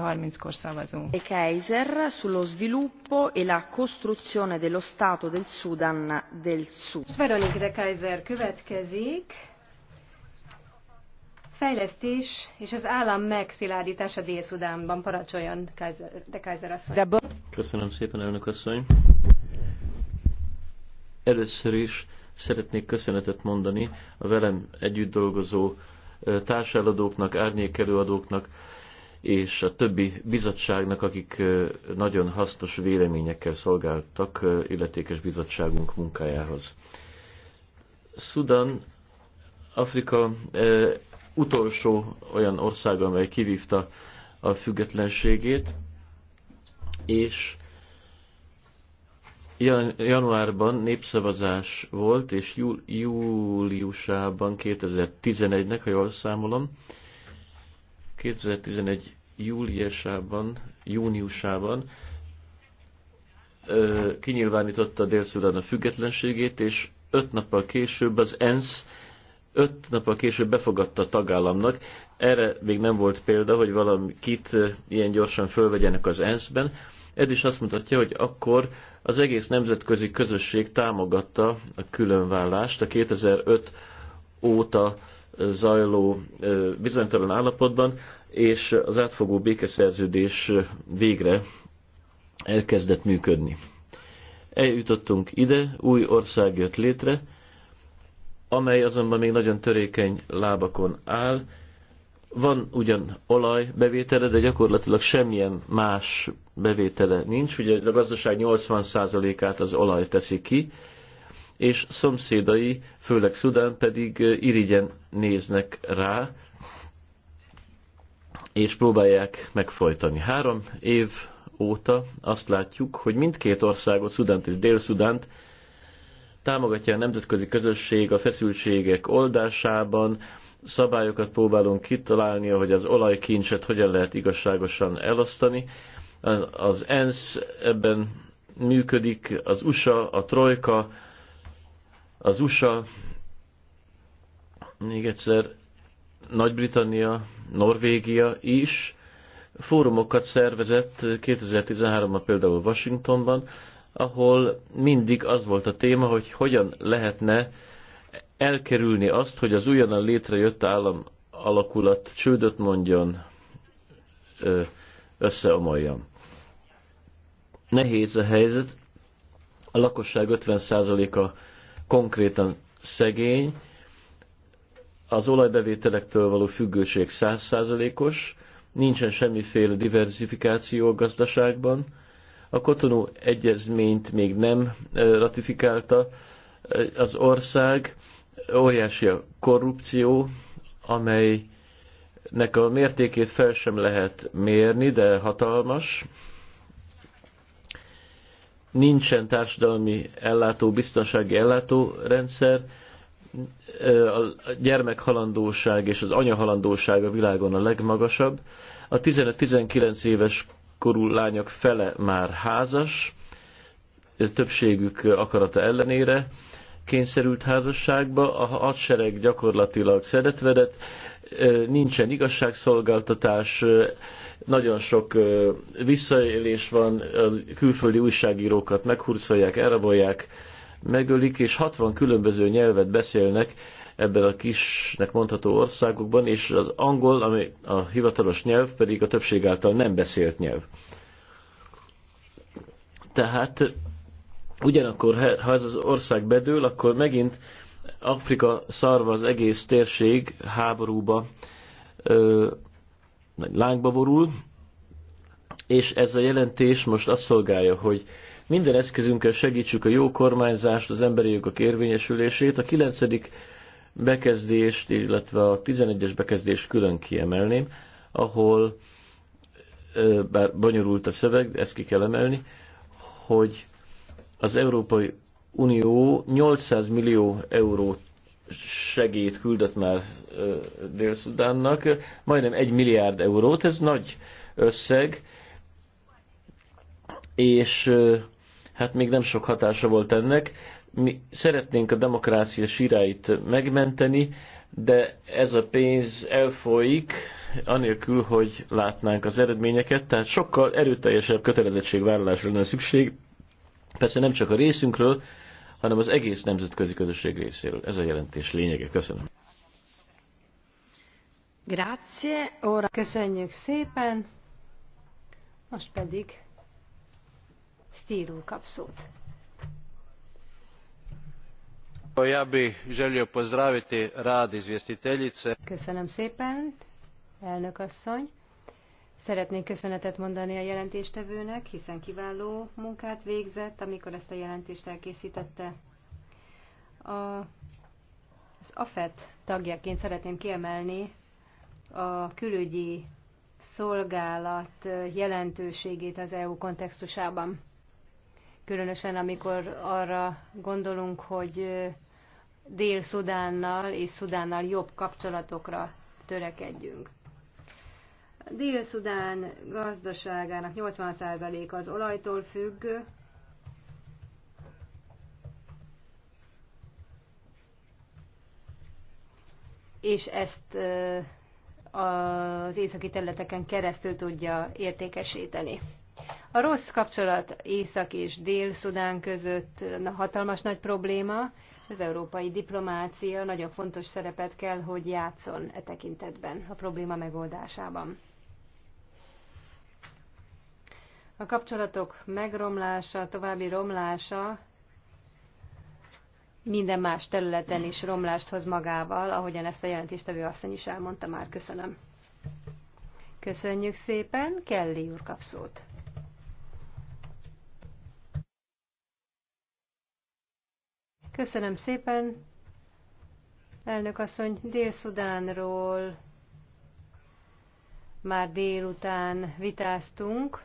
óra 30-kor szavazunk. Kaiser sullo sviluppo e la costruzione dello Stato del Sudan del Sud. Veronique de Kaiser következik. Fejlesztés és az állam megszilárdítása Dél-Szudánban parancsoljon de Kaiser asszony. Köszönöm szépen, elnök asszony. Először is szeretnék köszönetet mondani a velem együtt dolgozó társeladóknak, árnyékelőadóknak, és a többi bizottságnak, akik nagyon hasznos véleményekkel szolgáltak illetékes bizottságunk munkájához. Szudan, Afrika utolsó olyan ország, amely kivívta a függetlenségét, és januárban népszavazás volt, és júliusában 2011-nek, ha jól számolom, 2011 júliusában, júniusában ö, kinyilvánította Dél-Szudán a függetlenségét, és öt nappal később az ENSZ öt nappal később befogadta a tagállamnak. Erre még nem volt példa, hogy valamit ilyen gyorsan fölvegyenek az ENSZ-ben. Ez is azt mutatja, hogy akkor az egész nemzetközi közösség támogatta a különvállást, a 2005 óta zajló bizonytalan állapotban, és az átfogó békeszerződés végre elkezdett működni. Eljutottunk ide, új ország jött létre, amely azonban még nagyon törékeny lábakon áll. Van ugyan olaj bevétele, de gyakorlatilag semmilyen más bevétele nincs. Ugye a gazdaság 80%-át az olaj teszi ki, és szomszédai, főleg Szudán pedig irigyen néznek rá, és próbálják megfojtani. Három év óta azt látjuk, hogy mindkét országot, Szudánt és Dél-Szudánt támogatja a nemzetközi közösség a feszültségek oldásában, szabályokat próbálunk kitalálni, hogy az olajkincset hogyan lehet igazságosan elosztani. Az ENSZ ebben működik, az USA, a Trojka, az USA, még egyszer, Nagy-Britannia, Norvégia is fórumokat szervezett 2013-ban például Washingtonban, ahol mindig az volt a téma, hogy hogyan lehetne elkerülni azt, hogy az újonnan létrejött állam alakulat csődöt mondjon, összeomoljam. Nehéz a helyzet, a lakosság 50%-a konkrétan szegény, az olajbevételektől való függőség százszázalékos, nincsen semmiféle diversifikáció a gazdaságban, a Kotonó egyezményt még nem e, ratifikálta e, az ország, óriási a korrupció, amelynek a mértékét fel sem lehet mérni, de hatalmas, nincsen társadalmi ellátó, biztonsági ellátó rendszer, a gyermekhalandóság és az anyahalandóság a világon a legmagasabb. A 15-19 éves korú lányok fele már házas, többségük akarata ellenére, kényszerült házasságba, a hadsereg gyakorlatilag szeretvedett, nincsen igazságszolgáltatás, nagyon sok visszaélés van, a külföldi újságírókat meghurcolják, elrabolják, megölik, és 60 különböző nyelvet beszélnek ebben a kisnek mondható országokban, és az angol, ami a hivatalos nyelv, pedig a többség által nem beszélt nyelv. Tehát Ugyanakkor, ha ez az ország bedől, akkor megint Afrika szarva az egész térség háborúba, ö, lángba borul, és ez a jelentés most azt szolgálja, hogy minden eszközünkkel segítsük a jó kormányzást, az emberi jogok érvényesülését. A 9. bekezdést, illetve a 11-es bekezdést külön kiemelném, ahol, bár bonyolult a szöveg, ezt ki kell emelni, hogy az Európai Unió 800 millió euró segét küldött már Dél-Szudánnak, majdnem 1 milliárd eurót, ez nagy összeg, és hát még nem sok hatása volt ennek. Mi szeretnénk a demokrácia síráit megmenteni, de ez a pénz elfolyik, anélkül, hogy látnánk az eredményeket, tehát sokkal erőteljesebb kötelezettségvállalásra lenne szükség, Persze nem csak a részünkről, hanem az egész nemzetközi közösség részéről. Ez a jelentés lényege. Köszönöm. Grazie, ora köszönjük szépen. Most pedig stílul úr kap szót. Ja Köszönöm szépen, elnök asszony. Szeretnék köszönetet mondani a jelentéstevőnek, hiszen kiváló munkát végzett, amikor ezt a jelentést elkészítette. A, az AFET tagjaként szeretném kiemelni a külügyi szolgálat jelentőségét az EU kontextusában. Különösen amikor arra gondolunk, hogy Dél-Szudánnal és Szudánnal jobb kapcsolatokra törekedjünk. Dél-Szudán gazdaságának 80% az olajtól függ, és ezt az északi területeken keresztül tudja értékesíteni. A rossz kapcsolat Észak és Dél-Szudán között hatalmas nagy probléma, és az európai diplomácia nagyon fontos szerepet kell, hogy játszon e tekintetben, a probléma megoldásában. A kapcsolatok megromlása, további romlása minden más területen is romlást hoz magával, ahogyan ezt a jelentéstevő asszony is elmondta már. Köszönöm. Köszönjük szépen. Kelly úr kapszót. Köszönöm szépen. Elnök asszony, Dél-Szudánról már délután vitáztunk.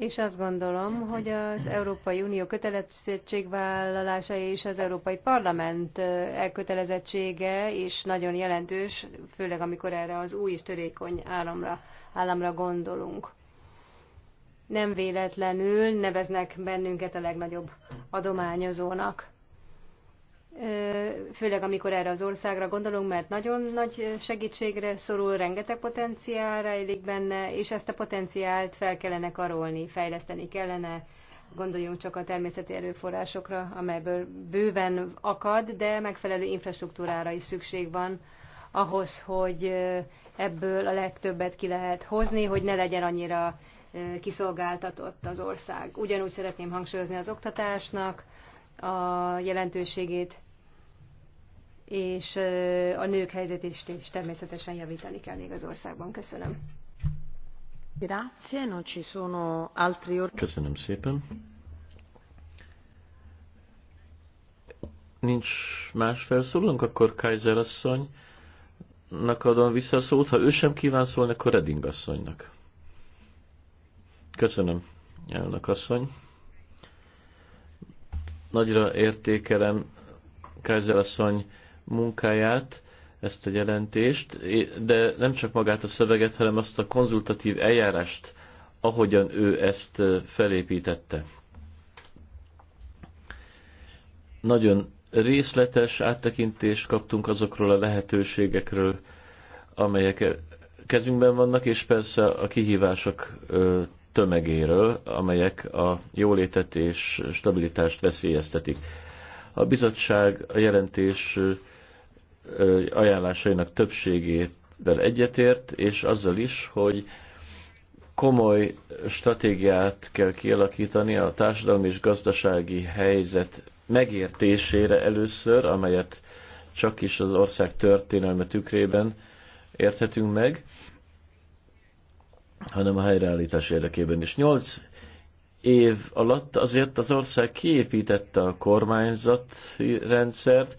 És azt gondolom, hogy az Európai Unió kötelezettségvállalása és az Európai Parlament elkötelezettsége is nagyon jelentős, főleg amikor erre az új és törékony államra, államra gondolunk. Nem véletlenül neveznek bennünket a legnagyobb adományozónak főleg amikor erre az országra gondolunk, mert nagyon nagy segítségre szorul, rengeteg potenciál rejlik benne, és ezt a potenciált fel kellene karolni, fejleszteni kellene, gondoljunk csak a természeti erőforrásokra, amelyből bőven akad, de megfelelő infrastruktúrára is szükség van ahhoz, hogy ebből a legtöbbet ki lehet hozni, hogy ne legyen annyira kiszolgáltatott az ország. Ugyanúgy szeretném hangsúlyozni az oktatásnak, a jelentőségét, és a nők helyzetét is természetesen javítani kell még az országban. Köszönöm. Grazie, non ci sono altri Köszönöm szépen. Nincs más felszólunk, akkor Kaiser asszonynak adom vissza a szót. Ha ő sem kíván szólni, akkor Reding asszonynak. Köszönöm, elnök asszony. Nagyra értékelem Kaiser munkáját, ezt a jelentést, de nem csak magát a szöveget, hanem azt a konzultatív eljárást, ahogyan ő ezt felépítette. Nagyon részletes áttekintést kaptunk azokról a lehetőségekről, amelyek kezünkben vannak, és persze a kihívások tömegéről, amelyek a jólétet és stabilitást veszélyeztetik. A bizottság a jelentés ajánlásainak többségével egyetért, és azzal is, hogy komoly stratégiát kell kialakítani a társadalmi és gazdasági helyzet megértésére először, amelyet csak is az ország történelme tükrében érthetünk meg, hanem a helyreállítás érdekében is. Nyolc év alatt azért az ország kiépítette a kormányzati rendszert,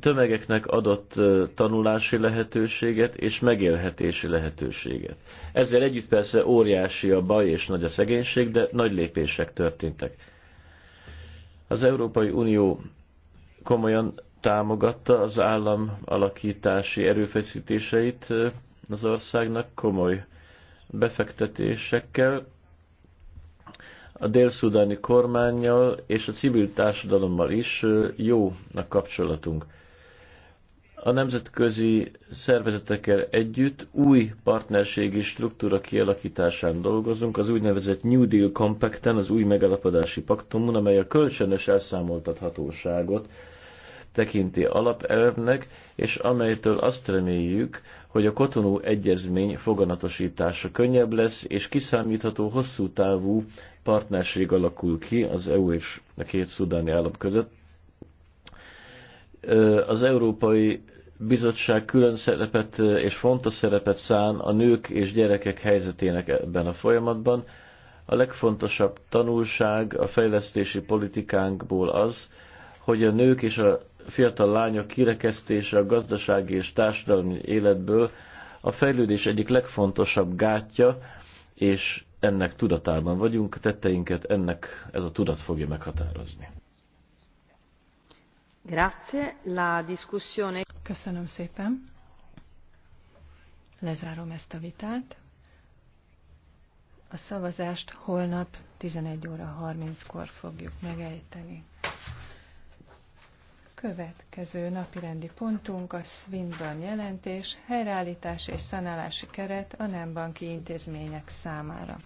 tömegeknek adott tanulási lehetőséget és megélhetési lehetőséget. Ezzel együtt persze óriási a baj és nagy a szegénység, de nagy lépések történtek. Az Európai Unió komolyan támogatta az állam alakítási erőfeszítéseit az országnak komoly befektetésekkel, a délszudáni kormányjal és a civil társadalommal is jó a kapcsolatunk. A nemzetközi szervezetekkel együtt új partnerségi struktúra kialakításán dolgozunk, az úgynevezett New Deal Compacten, az új megalapodási paktumon, amely a kölcsönös elszámoltathatóságot tekinti alapelvnek, és amelytől azt reméljük, hogy a kotonú egyezmény foganatosítása könnyebb lesz, és kiszámítható hosszú távú partnerség alakul ki az EU és a két szudáni állam között. Az Európai Bizottság külön szerepet és fontos szerepet szán a nők és gyerekek helyzetének ebben a folyamatban. A legfontosabb tanulság a fejlesztési politikánkból az, hogy a nők és a fiatal lányok kirekesztése a gazdasági és társadalmi életből a fejlődés egyik legfontosabb gátja, és ennek tudatában vagyunk, tetteinket ennek ez a tudat fogja meghatározni. Grazie, la discussione. Köszönöm szépen. Lezárom ezt a vitát. A szavazást holnap 11 óra 30-kor fogjuk megejteni. Következő napi rendi pontunk a Swinburn jelentés, helyreállítás és szanálási keret a nem banki intézmények számára.